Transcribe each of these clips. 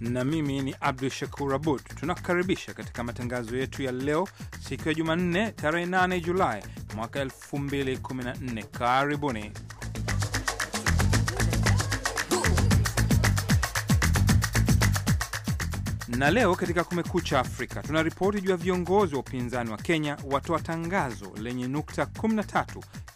na mimi ni Abdu Shakur Abud. Tunakukaribisha katika matangazo yetu ya leo, siku ya Jumanne, tarehe 8 Julai mwaka 2014. Karibuni. na leo katika Kumekucha Afrika tuna ripoti juu ya viongozi wa upinzani wa Kenya watoa tangazo lenye nukta 13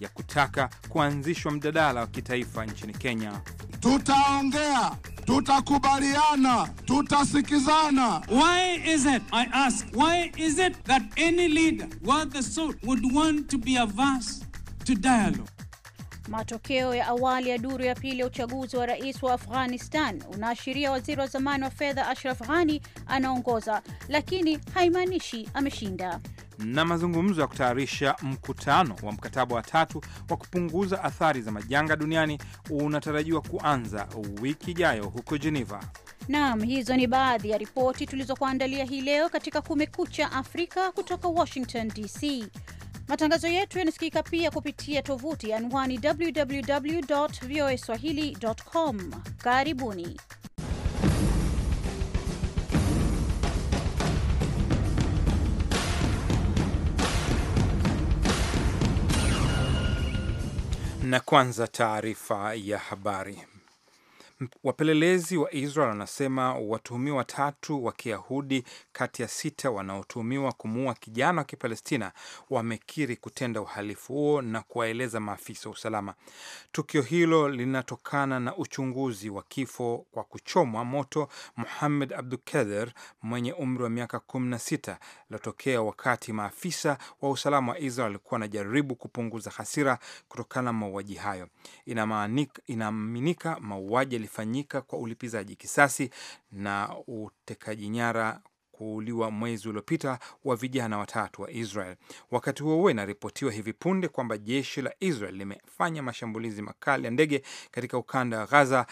ya kutaka kuanzishwa mjadala wa kitaifa nchini Kenya. Tutaongea tutakubaliana, tutasikizana. Why is it, I ask, why is it that any leader worth the salt would want to be averse to dialogue? Matokeo ya awali ya duru ya pili ya uchaguzi wa rais wa Afghanistan unaashiria waziri wa zamani wa fedha Ashraf Ghani anaongoza, lakini haimaanishi ameshinda. Na mazungumzo ya kutayarisha mkutano wa mkataba wa tatu wa kupunguza athari za majanga duniani unatarajiwa kuanza wiki ijayo huko Geneva. Naam, hizo ni baadhi ya ripoti tulizokuandalia hii leo katika Kumekucha Afrika kutoka Washington DC. Matangazo yetu yanasikika pia kupitia tovuti anwani www voa swahili com. Karibuni. Na kwanza taarifa ya habari. Wapelelezi wa Israel wanasema watuhumiwa watatu wa Kiyahudi kati ya sita wanaotuhumiwa kumuua kijana wa Kipalestina wamekiri kutenda uhalifu huo na kuwaeleza maafisa wa usalama. Tukio hilo linatokana na uchunguzi wa kifo kwa kuchomwa moto Muhamed Abdukader mwenye umri wa miaka kumi sita lilotokea wakati maafisa wa usalama wa Israel walikuwa wanajaribu kupunguza hasira kutokana na mauaji hayo. Inaaminika mauaji ulifanyika kwa ulipizaji kisasi na utekaji nyara kuuliwa mwezi uliopita wa vijana watatu wa Israel. Wakati huo huo, inaripotiwa hivi punde kwamba jeshi la Israel limefanya mashambulizi makali ya ndege katika ukanda wa Gaza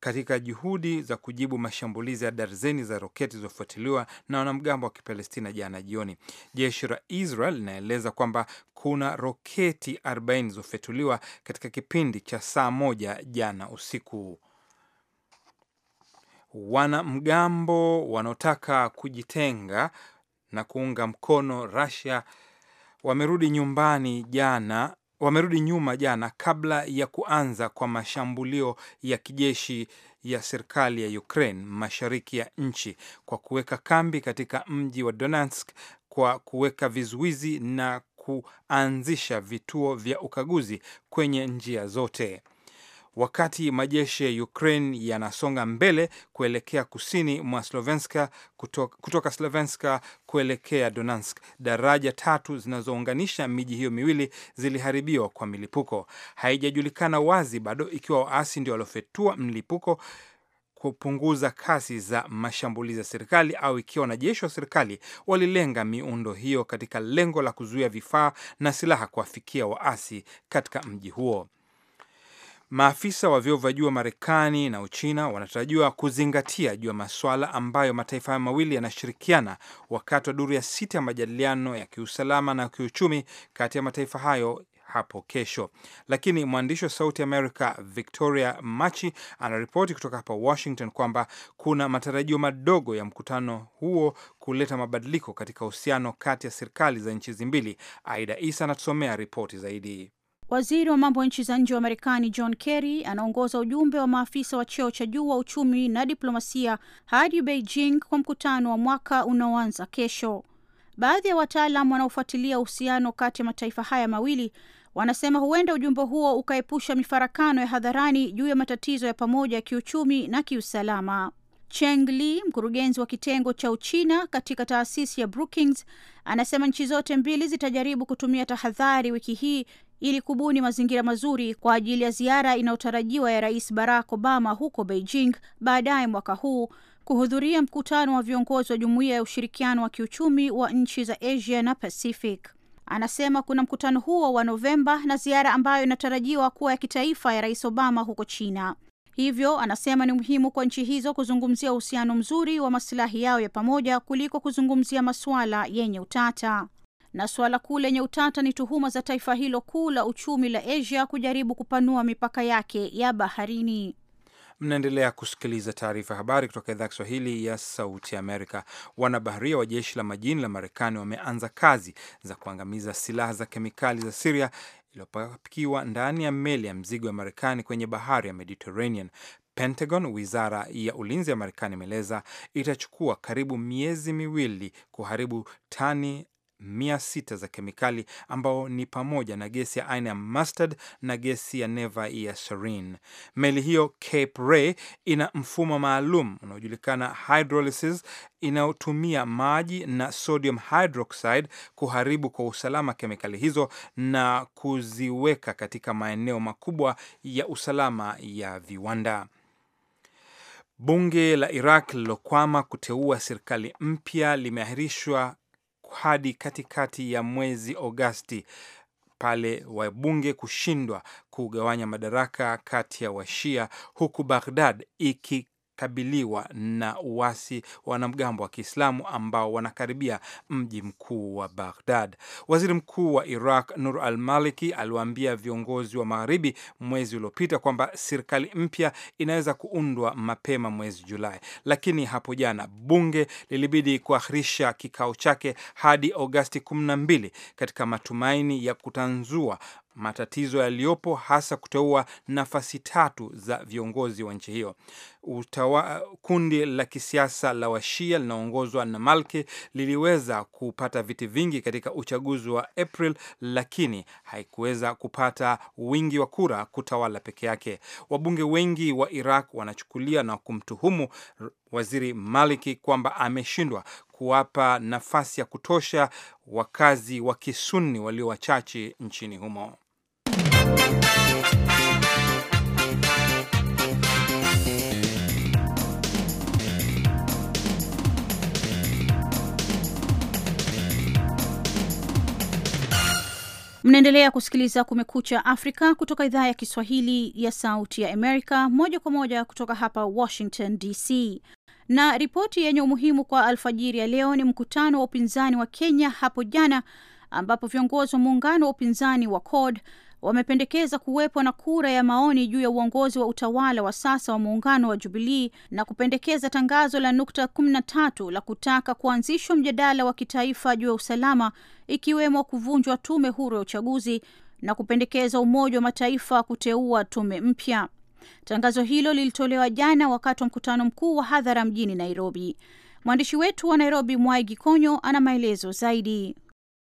katika juhudi za kujibu mashambulizi ya darzeni za roketi zilizofuatiliwa na wanamgambo wa Kipalestina jana jioni. Jeshi la Israel linaeleza kwamba kuna roketi 40 zilizofyatuliwa katika kipindi cha saa moja jana usiku wanamgambo wanaotaka kujitenga na kuunga mkono Russia wamerudi nyumbani jana wamerudi nyuma jana kabla ya kuanza kwa mashambulio ya kijeshi ya serikali ya Ukraine mashariki ya nchi kwa kuweka kambi katika mji wa Donetsk kwa kuweka vizuizi na kuanzisha vituo vya ukaguzi kwenye njia zote wakati majeshi ya Ukraine yanasonga mbele kuelekea kusini mwa Slovenska kutoka, kutoka Slovenska kuelekea Donansk. Daraja tatu zinazounganisha miji hiyo miwili ziliharibiwa kwa milipuko. Haijajulikana wazi bado ikiwa waasi ndio waliofetua mlipuko kupunguza kasi za mashambulizi ya serikali au ikiwa wanajeshi wa serikali walilenga miundo hiyo katika lengo la kuzuia vifaa na silaha kuwafikia waasi katika mji huo. Maafisa wa vyeo vya juu wa Marekani na Uchina wanatarajiwa kuzingatia juu ya maswala ambayo mataifa hayo mawili yanashirikiana wakati wa duru ya sita ya majadiliano ya kiusalama na kiuchumi kati ya mataifa hayo hapo kesho. Lakini mwandishi wa Sauti America Victoria Machi anaripoti kutoka hapa Washington kwamba kuna matarajio madogo ya mkutano huo kuleta mabadiliko katika uhusiano kati ya serikali za nchi hizi mbili. Aida Isa anatusomea ripoti zaidi. Waziri wa mambo ya nchi za nje wa Marekani John Kerry anaongoza ujumbe wa maafisa wa cheo cha juu wa uchumi na diplomasia hadi Beijing kwa mkutano wa mwaka unaoanza kesho. Baadhi ya wataalam wanaofuatilia uhusiano kati ya mataifa haya mawili wanasema huenda ujumbe huo ukaepusha mifarakano ya hadharani juu ya matatizo ya pamoja ya kiuchumi na kiusalama. Cheng Li, mkurugenzi wa kitengo cha Uchina katika taasisi ya Brookings, anasema nchi zote mbili zitajaribu kutumia tahadhari wiki hii ili kubuni mazingira mazuri kwa ajili ya ziara inayotarajiwa ya Rais Barack Obama huko Beijing baadaye mwaka huu kuhudhuria mkutano wa viongozi wa Jumuiya ya Ushirikiano wa Kiuchumi wa Nchi za Asia na Pacific. Anasema kuna mkutano huo wa Novemba na ziara ambayo inatarajiwa kuwa ya kitaifa ya Rais Obama huko China. Hivyo anasema ni muhimu kwa nchi hizo kuzungumzia uhusiano mzuri wa masilahi yao ya pamoja kuliko kuzungumzia masuala yenye utata na suala kuu lenye utata ni tuhuma za taifa hilo kuu la uchumi la Asia kujaribu kupanua mipaka yake ya baharini. Mnaendelea kusikiliza taarifa ya habari kutoka idhaa Kiswahili ya sauti Amerika. Wanabaharia wa jeshi la majini la Marekani wameanza kazi za kuangamiza silaha za kemikali za Siria iliyopakiwa ndani ya meli ya mzigo ya Marekani kwenye bahari ya Mediterranean. Pentagon, wizara ya ulinzi ya Marekani, imeeleza itachukua karibu miezi miwili kuharibu tani mia sita za kemikali ambao ni pamoja na gesi ya aina ya mustard na gesi ya neva ya sarin. Meli hiyo Cape Ray ina mfumo maalum unaojulikana hydrolysis inayotumia maji na sodium hydroxide kuharibu kwa usalama kemikali hizo na kuziweka katika maeneo makubwa ya usalama ya viwanda. Bunge la Iraq lilokwama kuteua serikali mpya limeahirishwa hadi katikati ya mwezi Agosti pale wabunge kushindwa kugawanya madaraka kati ya Washia huku Baghdad iki kabiliwa na uasi wanamgambo wa Kiislamu ambao wanakaribia mji mkuu wa Baghdad. Waziri Mkuu wa Iraq Nur al-Maliki aliwaambia viongozi wa Magharibi mwezi uliopita kwamba serikali mpya inaweza kuundwa mapema mwezi Julai, lakini hapo jana bunge lilibidi kuahirisha kikao chake hadi Agosti 12 katika matumaini ya kutanzua matatizo yaliyopo, hasa kuteua nafasi tatu za viongozi wa nchi hiyo. Utawa, kundi la kisiasa la Washia linaongozwa na Malki liliweza kupata viti vingi katika uchaguzi wa April, lakini haikuweza kupata wingi wa kura kutawala peke yake. Wabunge wengi wa Iraq wanachukulia na kumtuhumu Waziri Maliki kwamba ameshindwa kuwapa nafasi ya kutosha wakazi wa Kisuni walio wachache nchini humo. Mnaendelea kusikiliza Kumekucha Afrika kutoka idhaa ya Kiswahili ya Sauti ya Amerika, moja kwa moja kutoka hapa Washington DC. Na ripoti yenye umuhimu kwa alfajiri ya leo ni mkutano wa upinzani wa Kenya hapo jana ambapo viongozi wa muungano wa upinzani wa CORD wamependekeza kuwepo na kura ya maoni juu ya uongozi wa utawala wa sasa wa muungano wa Jubilii na kupendekeza tangazo la nukta 13 la kutaka kuanzishwa mjadala wa kitaifa juu ya usalama, ikiwemo kuvunjwa tume huru ya uchaguzi na kupendekeza Umoja wa Mataifa kuteua tume mpya. Tangazo hilo lilitolewa jana wakati wa mkutano mkuu wa hadhara mjini Nairobi. Mwandishi wetu wa Nairobi, Mwai Gikonyo, ana maelezo zaidi.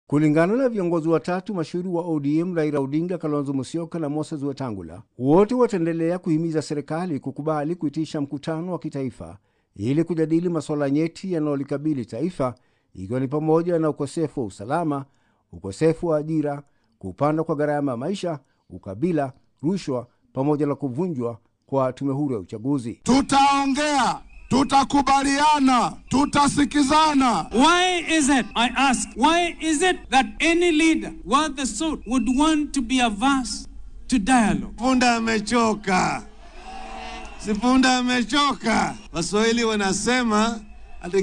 Kulingana na viongozi watatu mashuhuri wa ODM Raila Odinga, Kalonzo Musyoka na Moses Wetangula, wote wataendelea kuhimiza serikali kukubali kuitisha mkutano wa kitaifa ili kujadili masuala nyeti yanayolikabili taifa ikiwa ni pamoja na ukosefu wa usalama, ukosefu wa ajira, kupanda kwa gharama ya maisha, ukabila, rushwa pamoja na kuvunjwa kwa tume huru ya uchaguzi. Tutaongea tutakubaliana, tutasikizana. Why is it, I ask, why is it that any leader worth the sort would want to be averse to dialogue? Punda amechoka, sipunda amechoka. Waswahili wanasema ati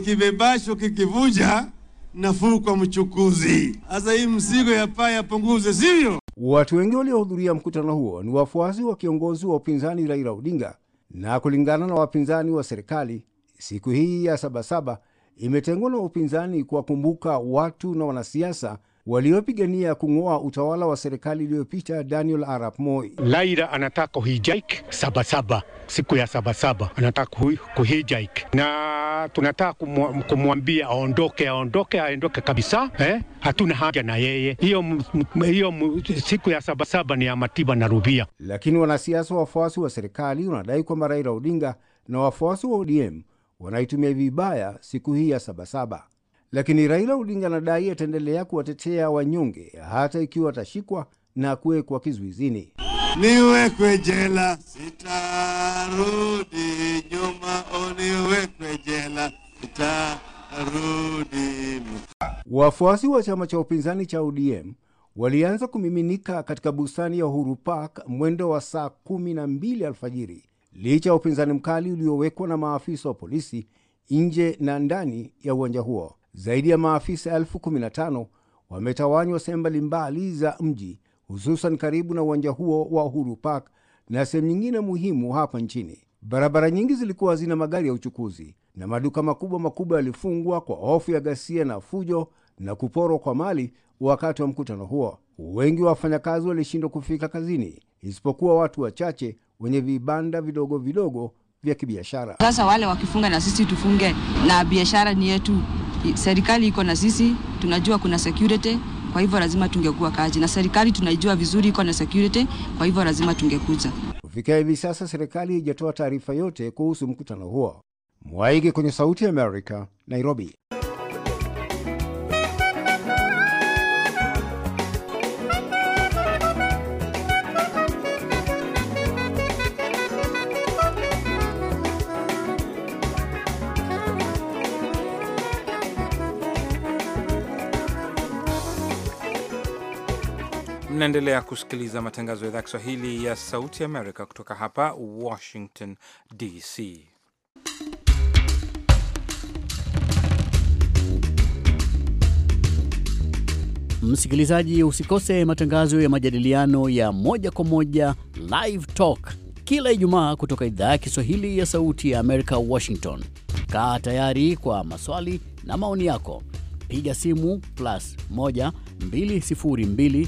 kikivuja nafuu kwa mchukuzi. hasa hii mzigo paa yapunguze, sivyo? Watu wengi waliohudhuria mkutano huo ni wafuasi wa kiongozi wa upinzani Raila Odinga na kulingana na wapinzani wa serikali, siku hii ya Sabasaba imetengwa na upinzani kuwakumbuka watu na wanasiasa waliopigania kung'oa utawala wa serikali iliyopita Daniel Arap Moi. Laira anataka kuhijaik sabasaba, siku ya sabasaba anataka kuhijaik, na tunataka kumwambia aondoke, aondoke, aondoke kabisa eh? Hatuna haja na yeye. Hiyo hiyo siku ya sabasaba ni ya Matiba na Rubia. Lakini wanasiasa wafuasi wa serikali wanadai kwamba Raila Odinga na wafuasi wa ODM wanaitumia vibaya siku hii ya sabasaba. Lakini Raila Odinga anadai ataendelea kuwatetea wanyonge hata ikiwa atashikwa na kuwekwa kizuizini. Niwekwe jela, sitarudi nyuma, niwekwe jela, sitarudi. Wafuasi wa chama cha upinzani cha ODM walianza kumiminika katika bustani ya Uhuru Park mwendo wa saa kumi na mbili alfajiri licha ya upinzani mkali uliowekwa na maafisa wa polisi nje na ndani ya uwanja huo. Zaidi ya maafisa elfu kumi na tano wametawanywa sehemu mbalimbali za mji, hususan karibu na uwanja huo wa Uhuru Park na sehemu nyingine muhimu hapa nchini. Barabara nyingi zilikuwa hazina magari ya uchukuzi na maduka makubwa makubwa yalifungwa kwa hofu ya ghasia na fujo na kuporwa kwa mali wakati wa mkutano huo. Wengi wa wafanyakazi walishindwa kufika kazini, isipokuwa watu wachache wenye vibanda vidogo vidogo vya kibiashara. Sasa wale wakifunga na sisi tufunge, na biashara ni yetu serikali iko na sisi, tunajua kuna security, kwa hivyo lazima tungekuwa kazi, na serikali tunaijua vizuri iko na security, kwa hivyo lazima tungekuja. Kufikia hivi sasa serikali haijatoa taarifa yote kuhusu mkutano huo. Mwaige kwenye Sauti ya Amerika, Nairobi. Mnaendelea kusikiliza matangazo ya idhaa Kiswahili ya Sauti Amerika kutoka hapa Washington DC. Msikilizaji, usikose matangazo ya majadiliano ya moja kwa moja, Live Talk, kila Ijumaa kutoka idhaa ya Kiswahili ya Sauti ya Amerika, Washington. Kaa tayari kwa maswali na maoni yako, piga simu plus 1 202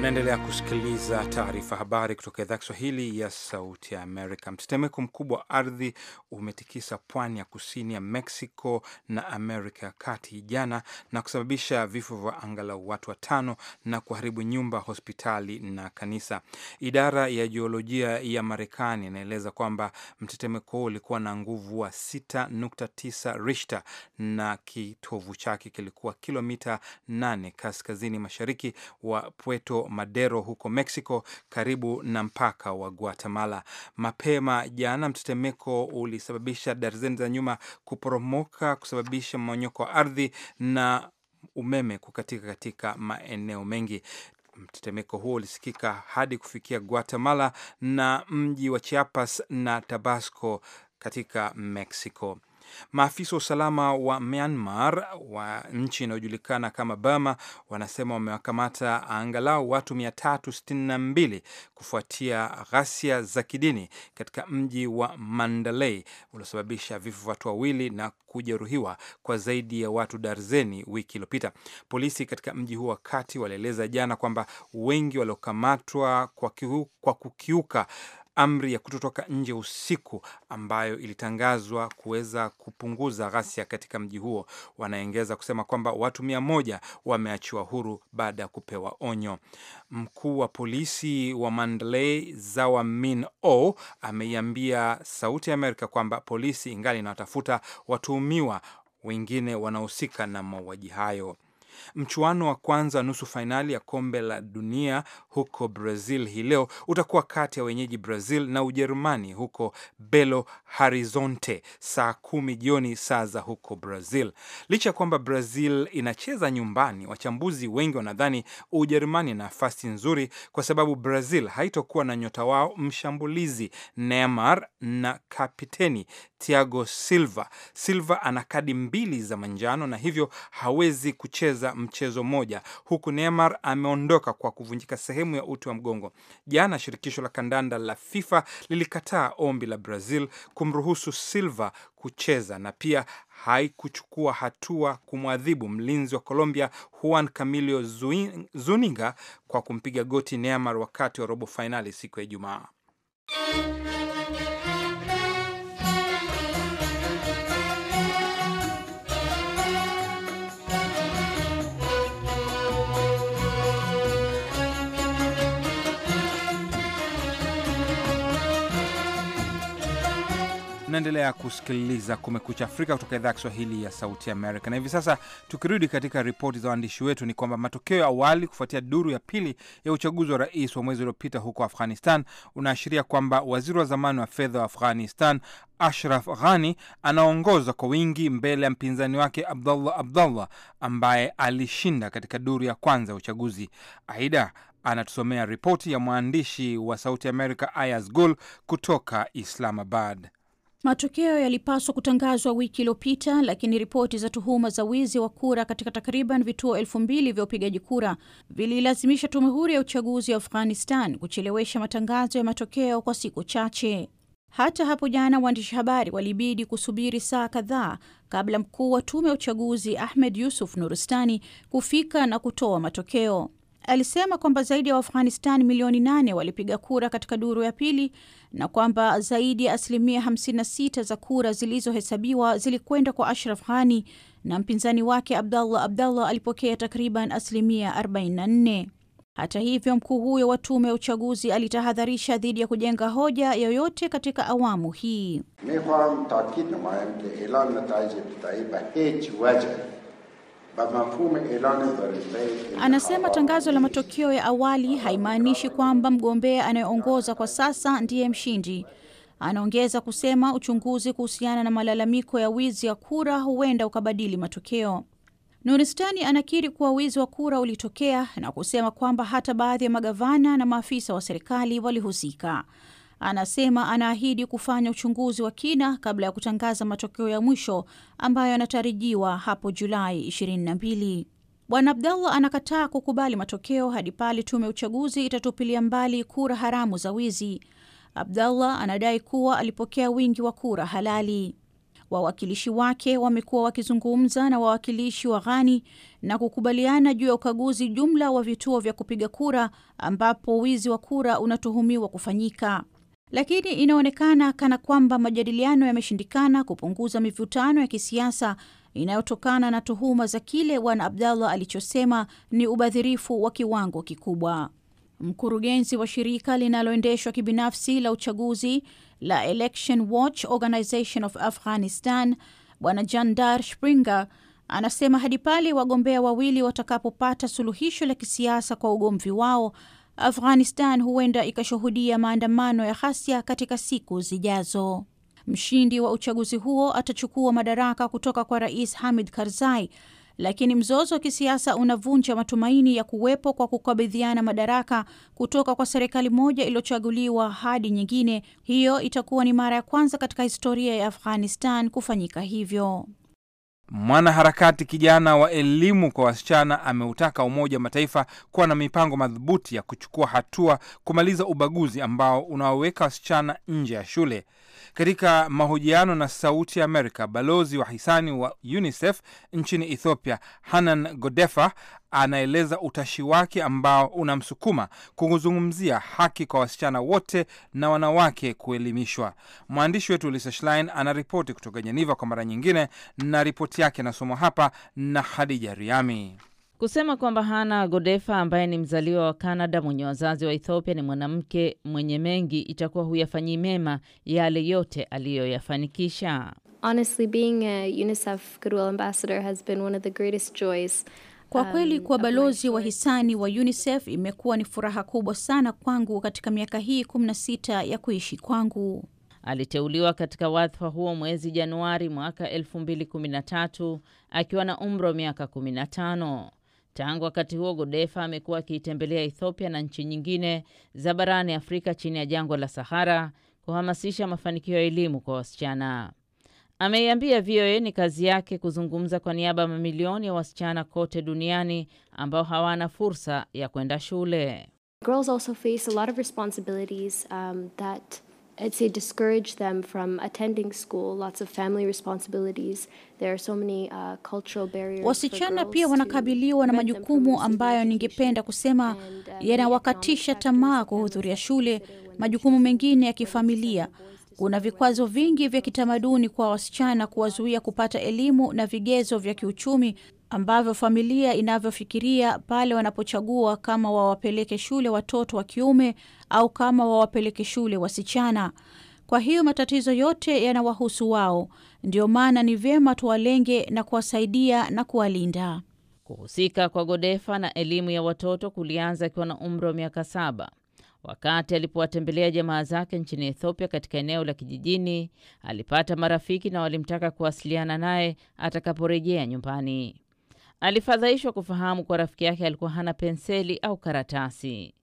Naendelea kusikiliza taarifa habari kutoka idhaa Kiswahili ya Sauti ya Amerika. Mtetemeko mkubwa wa ardhi umetikisa pwani ya kusini ya Mexico na Amerika ya kati jana na kusababisha vifo vya angalau watu watano na kuharibu nyumba, hospitali na kanisa. Idara ya jiolojia ya Marekani inaeleza kwamba mtetemeko huo ulikuwa na nguvu wa 6.9 rishta na kitovu chake kilikuwa kilomita 8 kaskazini mashariki wa Puerto Madero huko Mexico, karibu na mpaka wa Guatemala. Mapema jana mtetemeko ulisababisha darzeni za nyuma kuporomoka, kusababisha mmonyoko wa ardhi na umeme kukatika katika maeneo mengi. Mtetemeko huo ulisikika hadi kufikia Guatemala na mji wa Chiapas na Tabasco katika Mexico. Maafisa wa usalama wa Myanmar wa nchi inayojulikana kama Burma wanasema wamewakamata angalau watu 362 kufuatia ghasia za kidini katika mji wa Mandalay uliosababisha vifo vya watu wawili na kujeruhiwa kwa zaidi ya watu darzeni wiki iliyopita. Polisi katika mji huo wakati walieleza jana kwamba wengi waliokamatwa kwa, kwa kukiuka amri ya kutotoka nje usiku ambayo ilitangazwa kuweza kupunguza ghasia katika mji huo. Wanaongeza kusema kwamba watu mia moja wameachiwa huru baada ya kupewa onyo. Mkuu wa polisi wa Mandalay Zawa Min O ameiambia Sauti ya Amerika kwamba polisi ingali inawatafuta watuhumiwa wengine wanaohusika na mauaji hayo. Mchuano wa kwanza nusu fainali ya kombe la dunia huko Brazil hii leo utakuwa kati ya wenyeji Brazil na Ujerumani huko Belo Horizonte saa kumi jioni saa za huko Brazil. Licha ya kwamba Brazil inacheza nyumbani, wachambuzi wengi wanadhani Ujerumani na nafasi nzuri, kwa sababu Brazil haitokuwa na nyota wao mshambulizi Neymar na kapiteni Thiago Silva. Silva ana kadi mbili za manjano na hivyo hawezi kucheza mchezo mmoja, huku Neymar ameondoka kwa kuvunjika sehemu ya uti wa mgongo. Jana shirikisho la kandanda la FIFA lilikataa ombi la Brazil kumruhusu Silva kucheza na pia haikuchukua hatua kumwadhibu mlinzi wa Colombia Juan Camilo Zuniga kwa kumpiga goti Neymar wakati wa robo fainali siku ya Ijumaa. Unaendelea kusikiliza Kumekucha Afrika kutoka idhaa ya Kiswahili ya Sauti Amerika. Na hivi sasa tukirudi katika ripoti za waandishi wetu, ni kwamba matokeo ya awali kufuatia duru ya pili ya uchaguzi wa rais wa mwezi uliopita huko Afghanistan unaashiria kwamba waziri wa zamani wa fedha wa Afghanistan Ashraf Ghani anaongoza kwa wingi mbele ya mpinzani wake Abdullah Abdullah ambaye alishinda katika duru ya kwanza ya uchaguzi. Aida anatusomea ripoti ya mwandishi wa Sauti Amerika Ayaz Gul kutoka Islamabad. Matokeo yalipaswa kutangazwa wiki iliyopita, lakini ripoti za tuhuma za wizi wa kura katika takriban vituo elfu mbili vya upigaji kura vililazimisha tume huru ya uchaguzi ya Afghanistan kuchelewesha matangazo ya matokeo kwa siku chache. Hata hapo jana, waandishi habari walibidi kusubiri saa kadhaa kabla mkuu wa tume ya uchaguzi Ahmed Yusuf Nurustani kufika na kutoa matokeo alisema kwamba zaidi ya Waafghanistan milioni nane walipiga kura katika duru ya pili na kwamba zaidi ya asilimia 56 za kura zilizohesabiwa zilikwenda kwa Ashraf Ghani na mpinzani wake Abdallah Abdallah alipokea takriban asilimia 44. Hata hivyo, mkuu huyo wa tume ya uchaguzi alitahadharisha dhidi ya kujenga hoja yoyote katika awamu hii. Anasema tangazo la matokeo ya awali haimaanishi kwamba mgombea anayeongoza kwa sasa ndiye mshindi. Anaongeza kusema uchunguzi kuhusiana na malalamiko ya wizi ya kura huenda ukabadili matokeo. Nuristani anakiri kuwa wizi wa kura ulitokea na kusema kwamba hata baadhi ya magavana na maafisa wa serikali walihusika. Anasema anaahidi kufanya uchunguzi wa kina kabla ya kutangaza matokeo ya mwisho ambayo yanatarajiwa hapo Julai 22. Bwana Abdallah anakataa kukubali matokeo hadi pale tume ya uchaguzi itatupilia mbali kura haramu za wizi. Abdallah anadai kuwa alipokea wingi wa kura halali. Wawakilishi wake wamekuwa wakizungumza na wawakilishi wa Ghani na kukubaliana juu ya ukaguzi jumla wa vituo vya kupiga kura ambapo wizi wa kura unatuhumiwa kufanyika lakini inaonekana kana kwamba majadiliano yameshindikana kupunguza mivutano ya kisiasa inayotokana na tuhuma za kile Bwana Abdallah alichosema ni ubadhirifu wa kiwango kikubwa. Mkurugenzi wa shirika linaloendeshwa kibinafsi la uchaguzi la Election Watch Organization of Afghanistan, Bwana Jandar Springer anasema hadi pale wagombea wawili watakapopata suluhisho la kisiasa kwa ugomvi wao Afghanistan huenda ikashuhudia maandamano ya ghasia katika siku zijazo. Mshindi wa uchaguzi huo atachukua madaraka kutoka kwa Rais Hamid Karzai, lakini mzozo wa kisiasa unavunja matumaini ya kuwepo kwa kukabidhiana madaraka kutoka kwa serikali moja iliyochaguliwa hadi nyingine. Hiyo itakuwa ni mara ya kwanza katika historia ya Afghanistan kufanyika hivyo. Mwanaharakati kijana wa elimu kwa wasichana ameutaka Umoja wa Mataifa kuwa na mipango madhubuti ya kuchukua hatua kumaliza ubaguzi ambao unaoweka wasichana nje ya shule katika mahojiano na Sauti ya Amerika, balozi wa hisani wa UNICEF nchini Ethiopia, Hanan Godefa, anaeleza utashi wake ambao unamsukuma kuzungumzia haki kwa wasichana wote na wanawake kuelimishwa. Mwandishi wetu Lisa Schlein anaripoti kutoka Jeneva kwa mara nyingine, na ripoti yake inasomwa hapa na Hadija Riami kusema kwamba Hana Godefa ambaye ni mzaliwa wa canada mwenye wazazi wa Ethiopia ni mwanamke mwenye mengi, itakuwa huyafanyii mema yale yote aliyoyafanikisha. Kwa um, kweli kuwa balozi wa hisani wa UNICEF imekuwa ni furaha kubwa sana kwangu katika miaka hii 16 ya kuishi kwangu. Aliteuliwa katika wadhifa huo mwezi Januari mwaka 2013 akiwa na umri wa miaka 15. Tangu wakati huo Godefa amekuwa akiitembelea Ethiopia na nchi nyingine za barani Afrika chini ya jangwa la Sahara kuhamasisha mafanikio ya elimu kwa wasichana. Ameiambia VOA ni kazi yake kuzungumza kwa niaba ya mamilioni ya wasichana kote duniani ambao hawana fursa ya kwenda shule. Girls also face a lot of responsibilities, um, that I'd say discourage them from attending school, lots of family responsibilities. There are so many, uh, cultural barriers. Wasichana pia wanakabiliwa na majukumu ambayo ningependa kusema uh, yanawakatisha tamaa kuhudhuria shule, majukumu mengine ya kifamilia. Kuna vikwazo vingi vya kitamaduni kwa wasichana kuwazuia kupata elimu na vigezo vya kiuchumi ambavyo familia inavyofikiria pale wanapochagua kama wawapeleke shule watoto wa kiume au kama wawapeleke shule wasichana. Kwa hiyo matatizo yote yanawahusu wao, ndiyo maana ni vyema tuwalenge na kuwasaidia na kuwalinda. Kuhusika kwa Godefa na elimu ya watoto kulianza akiwa na umri wa miaka saba wakati alipowatembelea jamaa zake nchini Ethiopia katika eneo la kijijini. Alipata marafiki na walimtaka kuwasiliana naye atakaporejea nyumbani. Alifadhaishwa kufahamu kuwa rafiki yake alikuwa hana penseli au karatasi.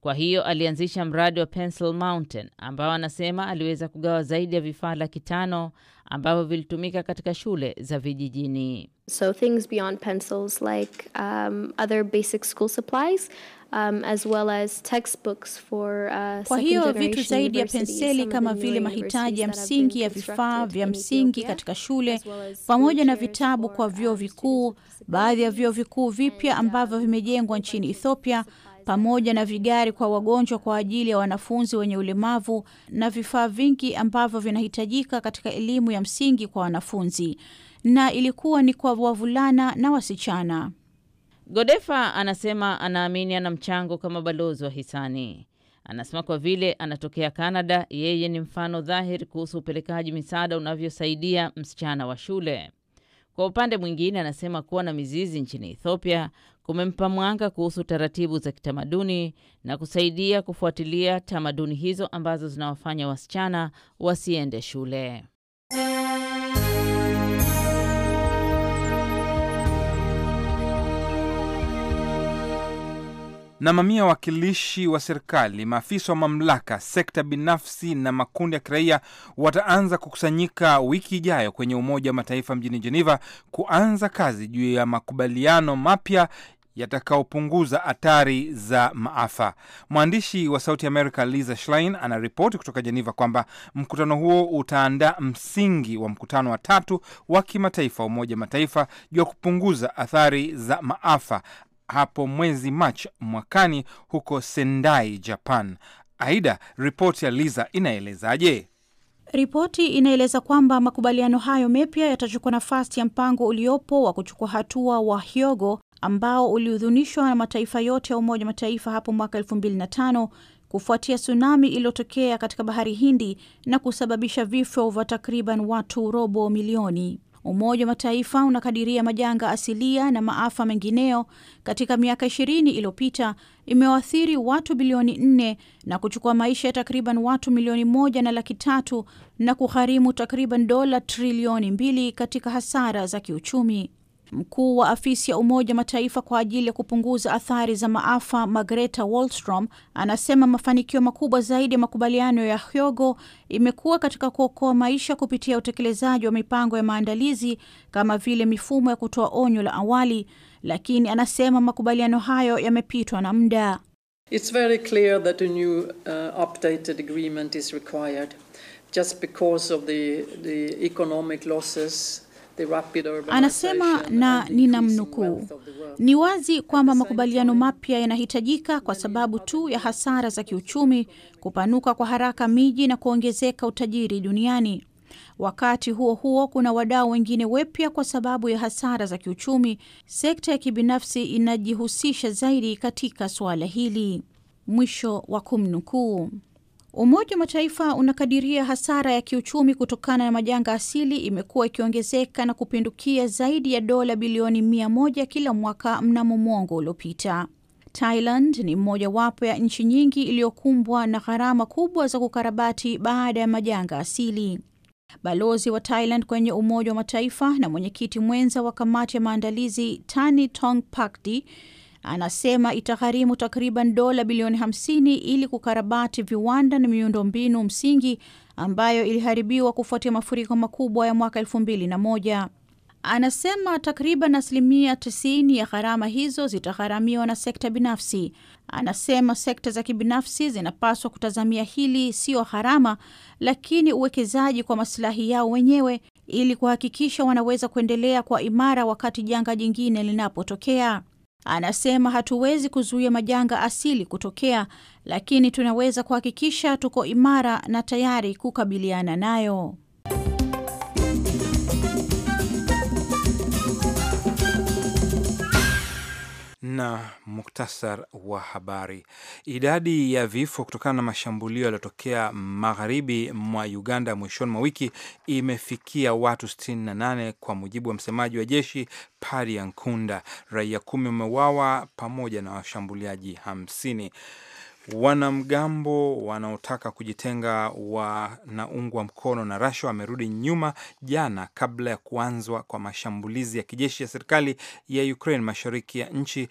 Kwa hiyo alianzisha mradi wa Pencil Mountain ambao anasema aliweza kugawa zaidi ya vifaa laki tano ambavyo vilitumika katika shule za vijijini. So things beyond pencils like um, other basic school supplies Um, as well as textbooks for, uh, kwa hiyo vitu zaidi ya penseli kama vile mahitaji ya msingi ya vifaa vya msingi katika shule well pamoja na vitabu kwa uh, vyuo vikuu, baadhi ya vyuo vikuu vipya ambavyo um, vimejengwa nchini Ethiopia pamoja na vigari kwa wagonjwa kwa ajili ya wanafunzi wenye ulemavu na vifaa vingi ambavyo vinahitajika katika elimu ya msingi kwa wanafunzi, na ilikuwa ni kwa wavulana na wasichana. Godefa anasema anaamini ana mchango kama balozi wa hisani. Anasema kwa vile anatokea Kanada, yeye ni mfano dhahiri kuhusu upelekaji misaada unavyosaidia msichana wa shule. Kwa upande mwingine, anasema kuwa na mizizi nchini Ethiopia kumempa mwanga kuhusu taratibu za kitamaduni na kusaidia kufuatilia tamaduni hizo ambazo zinawafanya wasichana wasiende shule. na mamia wakilishi wa serikali, maafisa wa mamlaka, sekta binafsi na makundi ya kiraia wataanza kukusanyika wiki ijayo kwenye Umoja wa Mataifa mjini Geneva kuanza kazi juu ya makubaliano mapya yatakaopunguza athari za maafa. Mwandishi wa Sauti Amerika Lisa Schlein anaripoti kutoka Jeneva kwamba mkutano huo utaandaa msingi wa mkutano wa tatu wa kimataifa wa Umoja Mataifa juu ya kupunguza athari za maafa hapo mwezi Machi mwakani huko Sendai, Japan. Aida, ripoti ya Liza inaelezaje? Ripoti inaeleza kwamba makubaliano hayo mapya yatachukua nafasi ya mpango uliopo wa kuchukua hatua wa Hyogo ambao uliudhunishwa na mataifa yote ya Umoja Mataifa hapo mwaka elfu mbili na tano kufuatia tsunami iliyotokea katika bahari Hindi na kusababisha vifo vya takriban watu robo milioni. Umoja wa Mataifa unakadiria majanga asilia na maafa mengineo katika miaka ishirini iliyopita imewaathiri watu bilioni nne na kuchukua maisha ya takriban watu milioni moja na laki tatu na kugharimu takriban dola trilioni mbili katika hasara za kiuchumi. Mkuu wa afisi ya Umoja Mataifa kwa ajili ya kupunguza athari za maafa magreta Wallstrom anasema mafanikio makubwa zaidi ya makubaliano ya Hyogo imekuwa katika kuokoa maisha kupitia utekelezaji wa mipango ya maandalizi kama vile mifumo ya kutoa onyo la awali, lakini anasema makubaliano hayo yamepitwa na muda. It's very clear that a new uh, updated agreement is required just because of the, the economic losses Anasema na nina mnukuu, ni wazi kwamba makubaliano mapya yanahitajika kwa sababu tu ya hasara za kiuchumi, kupanuka kwa haraka miji na kuongezeka utajiri duniani. Wakati huo huo, kuna wadau wengine wepya kwa sababu ya hasara za kiuchumi. Sekta ya kibinafsi inajihusisha zaidi katika suala hili. Mwisho wa kumnukuu. Umoja wa Mataifa unakadiria hasara ya kiuchumi kutokana na majanga asili imekuwa ikiongezeka na kupindukia zaidi ya dola bilioni mia moja kila mwaka mnamo mwongo uliopita. Thailand ni mmojawapo ya nchi nyingi iliyokumbwa na gharama kubwa za kukarabati baada ya majanga asili. Balozi wa Thailand kwenye Umoja wa Mataifa na mwenyekiti mwenza wa kamati ya maandalizi Tani Tong Pakdi Anasema itagharimu takriban dola bilioni 50 ili kukarabati viwanda na miundombinu msingi ambayo iliharibiwa kufuatia mafuriko makubwa ya mwaka elfu mbili na moja. Anasema takriban asilimia 90 ya gharama hizo zitagharamiwa na sekta binafsi. Anasema sekta za kibinafsi zinapaswa kutazamia hili siyo gharama, lakini uwekezaji kwa masilahi yao wenyewe ili kuhakikisha wanaweza kuendelea kwa imara wakati janga jingine linapotokea. Anasema hatuwezi kuzuia majanga asili kutokea, lakini tunaweza kuhakikisha tuko imara na tayari kukabiliana nayo. na muktasar wa habari. Idadi ya vifo kutokana na mashambulio yaliyotokea magharibi mwa Uganda mwishoni mwa wiki imefikia watu 68 kwa mujibu wa msemaji wa jeshi ya Nkunda. Raia kumi wameuawa pamoja na washambuliaji hamsini. Wanamgambo wanaotaka kujitenga wanaungwa mkono na Russia wamerudi nyuma jana kabla ya kuanzwa kwa mashambulizi ya kijeshi ya serikali ya Ukraine mashariki ya nchi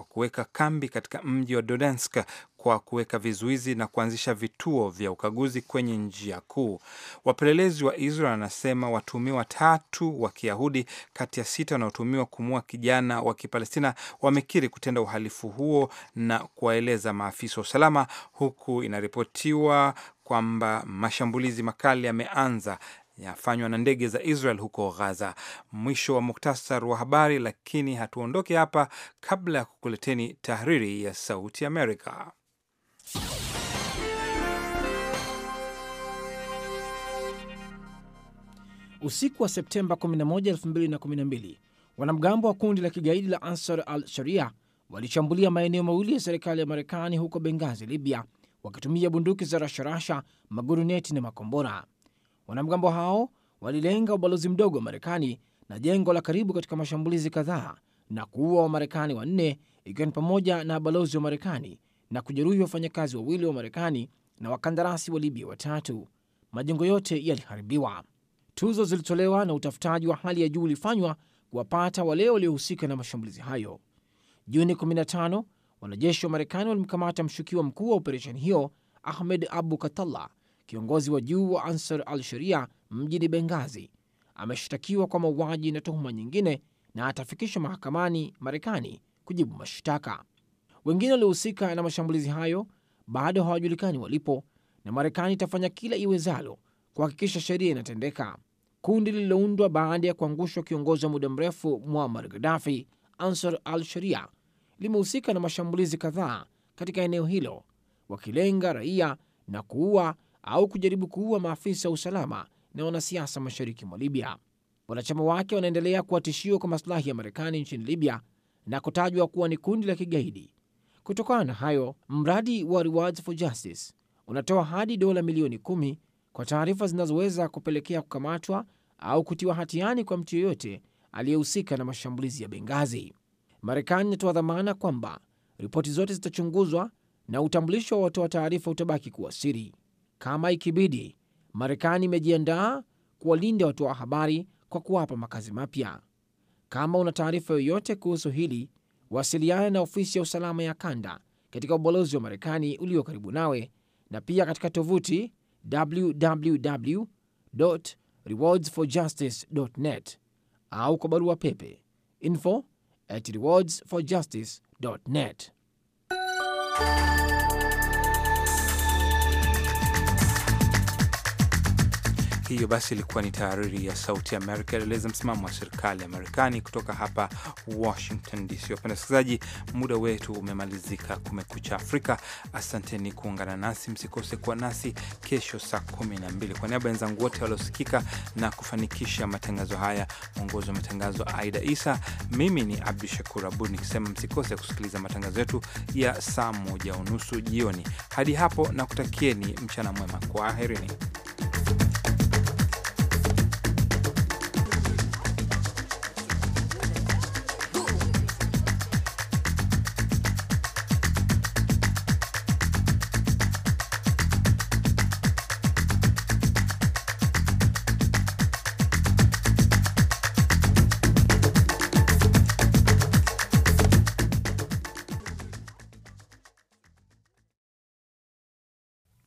kwa kuweka kambi katika mji wa Donetsk kwa kuweka vizuizi na kuanzisha vituo vya ukaguzi kwenye njia kuu. Wapelelezi wa Israel wanasema watuhumiwa watatu wa Kiyahudi kati ya sita wanaotuhumiwa kumua kijana wa Kipalestina wamekiri kutenda uhalifu huo na kuwaeleza maafisa wa usalama, huku inaripotiwa kwamba mashambulizi makali yameanza yafanywa na ndege za Israel huko Gaza. Mwisho wa muktasar wa habari, lakini hatuondoke hapa kabla ya kukuleteni tahariri ya Sauti Amerika. Usiku wa Septemba 11, 2012 wanamgambo wa kundi la kigaidi la Ansar al Sharia walishambulia maeneo mawili ya serikali ya Marekani huko Bengazi, Libya, wakitumia bunduki za rasharasha, maguruneti na makombora. Wanamgambo hao walilenga ubalozi mdogo wa Marekani na jengo la karibu katika mashambulizi kadhaa na kuua Wamarekani wanne ikiwa ni pamoja na balozi wa Marekani na kujeruhi wafanyakazi wawili wa Marekani na wakandarasi wa Libya watatu. Majengo yote yaliharibiwa. Tuzo zilitolewa na utafutaji wa hali ya juu ulifanywa kuwapata wale waliohusika na mashambulizi hayo. Juni 15 wanajeshi wa Marekani walimkamata mshukiwa mkuu wa operesheni hiyo Ahmed Abu Katalla kiongozi wa juu wa Ansar al Sharia mjini Bengazi, ameshtakiwa kwa mauaji na tuhuma nyingine na atafikishwa mahakamani Marekani kujibu mashtaka. Wengine waliohusika na mashambulizi hayo bado hawajulikani walipo, na Marekani itafanya kila iwezalo kuhakikisha sheria inatendeka. Kundi lililoundwa baada ya kuangushwa kiongozi wa muda mrefu Muammar Gaddafi, Ansar al Sharia, limehusika na mashambulizi kadhaa katika eneo hilo, wakilenga raia na kuua au kujaribu kuua maafisa wa usalama na wanasiasa mashariki mwa Libya. Wanachama wake wanaendelea kuwa tishio kwa masilahi ya Marekani nchini Libya na kutajwa kuwa ni kundi la kigaidi. Kutokana na hayo, mradi wa Rewards for Justice unatoa hadi dola milioni kumi kwa taarifa zinazoweza kupelekea kukamatwa au kutiwa hatiani kwa mtu yeyote aliyehusika na mashambulizi ya Bengazi. Marekani inatoa dhamana kwamba ripoti zote zitachunguzwa na utambulisho wa watoa taarifa utabaki kuwa siri. Kama ikibidi, Marekani imejiandaa kuwalinda watu wa habari kwa kuwapa makazi mapya. Kama una taarifa yoyote kuhusu hili, wasiliana na ofisi ya usalama ya kanda katika ubalozi wa Marekani ulio karibu nawe na pia katika tovuti www net au kwa barua pepe info at hiyo basi ilikuwa ni tahariri ya Sauti Amerika, ilieleza msimamo wa serikali ya Marekani. Kutoka hapa Washington DC, wapenda wasikilizaji, muda wetu umemalizika. Kumekucha Afrika, asanteni kuungana nasi, msikose kuwa nasi kesho saa kumi na mbili. Kwa niaba ya wenzangu wote waliosikika na kufanikisha matangazo haya, mwongozi wa matangazo Aida Isa, mimi ni Abdu Shakur Abud nikisema msikose kusikiliza matangazo yetu ya saa moja unusu jioni. Hadi hapo na kutakieni mchana mwema, kwaherini.